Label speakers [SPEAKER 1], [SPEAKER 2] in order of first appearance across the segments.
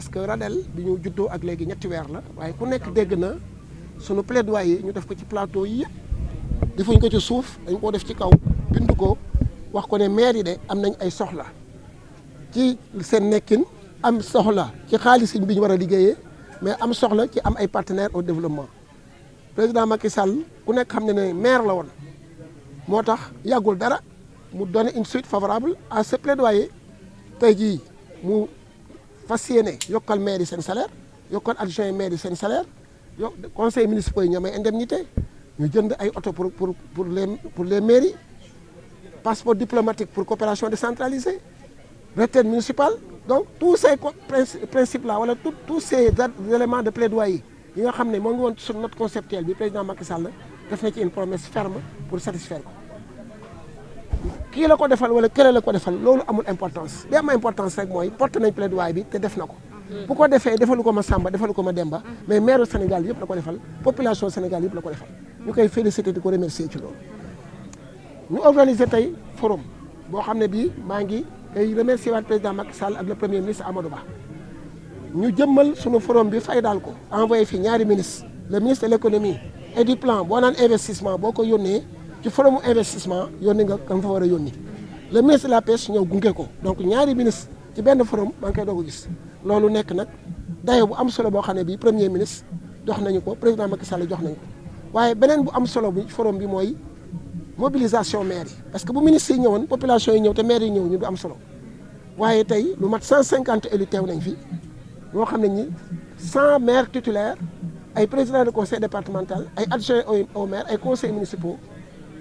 [SPEAKER 1] parce que Radel bi ñu ak léegi ñetti weer la waye ku nekk dégg na suñu plaidoyer ñu def ko ci plateau yi defuñ ko ci souf dañ ko def ci kaw bindu ko wax ko né maire yi dé am nañ ay soxla ci sen nekkine am soxla ci xaalis bi ñu war a mais am soxla ci am ay partenaires au développement président Macky Sall ku nekk xam né maire la won motax yagul dara mu donné une suite favorable à ce plaidoyer tay ji mu y yokal maire de salaire yokal adjoint maire de salaire yo conseil municipal ñamay indemnité ñu jënd ay pour pour pour les pour les mairies passeport diplomatique pour coopération décentralisée retraite municipale donc tous ces principes là tous ces éléments de plaidoyer yi nga xamné mon sur notre conceptuel bi président Macky Sall def une promesse ferme pour satisfaire kii la ko defal wala kële la ko defal lolu amul importance li am importance rek moy porte nañ plaidoyer bi té def nako bu ko défé défaluko ma Samba défaluko ma Demba mais maire Sénégal yépp la ko défal population Sénégal yépp la ko défal ñu koy féliciter di ko remercier ci lolu ñu organiser tay forum bo xamné bi bii maa ngi tey remercier waat président Macky Sall ak le premier ministre Amadou Ba ñu jëmmal suñu forum bi fay dal ko envoyé fi ñaari ministre le ministre de l'économie et du plan bo nan investissement boko ko ci forum investissement yónni nga kam fa wara yoni le ministre de la pêche ñëw gungé ko donc ñaari ministre ci benn forum maa kay dogu gis lolu nek nak dayo bu am solo bo xam ne premier ministre dox nañu ko président Macky Sall jox nañu ko waaye benen bu am solo bu forum bi moy mobilisation maire parce que bu ministre ñewon population yi ñëw te maire yi ñëw ñu du am solo waaye tay lu mat 150 cinquante élus teew nañ fi ñoo xamné ni 100 maires titulaires ay président de conseil départemental ay adjoint au maire ay conseils municipaux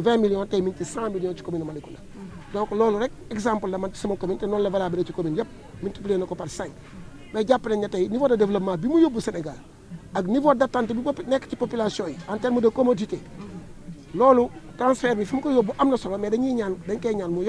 [SPEAKER 1] 20 millions et 100 millions de communes. donc c'est rek exemple la man ci sama commune te la valable commune multiplié par 5 mais il nañ a un niveau de développement bi Sénégal et Sénégal ak niveau d'attente de la population en termes de commodité loolu transfert bi fi mu ko yóbbu am solo mais dañuy ñaan dañ ñaan mu